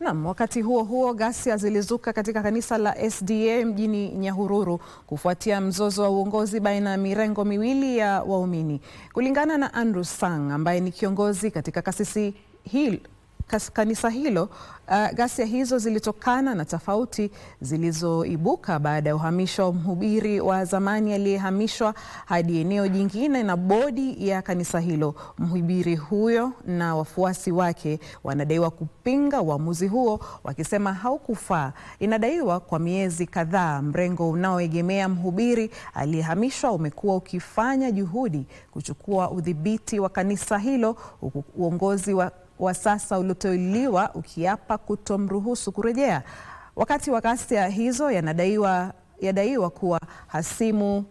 Naam, wakati huo huo ghasia zilizuka katika kanisa la SDA mjini Nyahururu kufuatia mzozo wa uongozi baina ya mirengo miwili ya waumini. Kulingana na Andrew Sang ambaye ni kiongozi katika kasisi hii kanisa hilo. Uh, ghasia hizo zilitokana na tofauti zilizoibuka baada ya uhamisho wa mhubiri wa zamani aliyehamishwa hadi eneo jingine na bodi ya kanisa hilo. Mhubiri huyo na wafuasi wake wanadaiwa kupinga uamuzi huo wakisema haukufaa. Inadaiwa kwa miezi kadhaa mrengo unaoegemea mhubiri aliyehamishwa umekuwa ukifanya juhudi kuchukua udhibiti wa kanisa hilo huku uongozi wa wa sasa ulioteuliwa ukiapa kutomruhusu kurejea. Wakati wa ghasia hizo yanadaiwa yadaiwa kuwa hasimu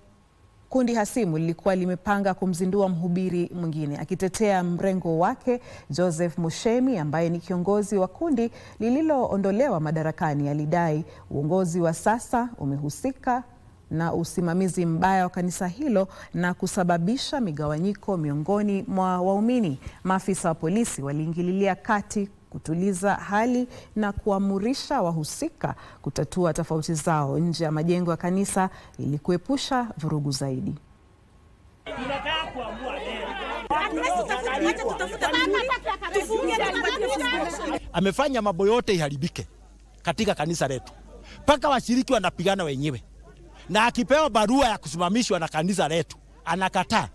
kundi hasimu lilikuwa limepanga kumzindua mhubiri mwingine. Akitetea mrengo wake, Joseph Mushemi ambaye ni kiongozi wa kundi lililoondolewa madarakani alidai uongozi wa sasa umehusika na usimamizi mbaya wa kanisa hilo na kusababisha migawanyiko miongoni mwa waumini. Maafisa wa polisi waliingililia kati kutuliza hali na kuamurisha wahusika kutatua tofauti zao nje ya majengo ya kanisa ili kuepusha vurugu zaidi. Amefanya mambo yote iharibike katika kanisa letu, mpaka washiriki wanapigana wenyewe na akipewa barua ya kusimamishwa na kanisa letu anakataa.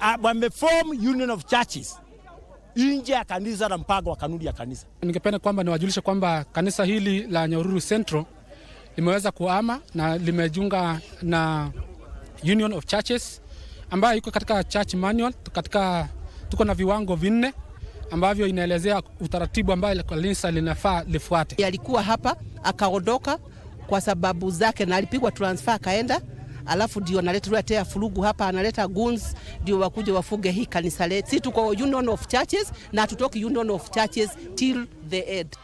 Ah, Wameform union of churches nje ya kanisa na mpango wa kanuni ya kanisa. Ningependa kwamba niwajulishe kwamba kanisa hili la Nyahururu Central limeweza kuama na limejiunga na Union of Churches ambayo iko katika church manual. Katika tuko na viwango vinne ambavyo inaelezea utaratibu ambayo kanisa linafaa lifuate. Alikuwa hapa akaondoka kwa sababu zake, na alipigwa transfer akaenda, alafu ndio analeta furugu hapa, analeta guns ndio wakuja wafuge hii kanisa letu. Si tuko union of churches na tutoki union of churches till the end.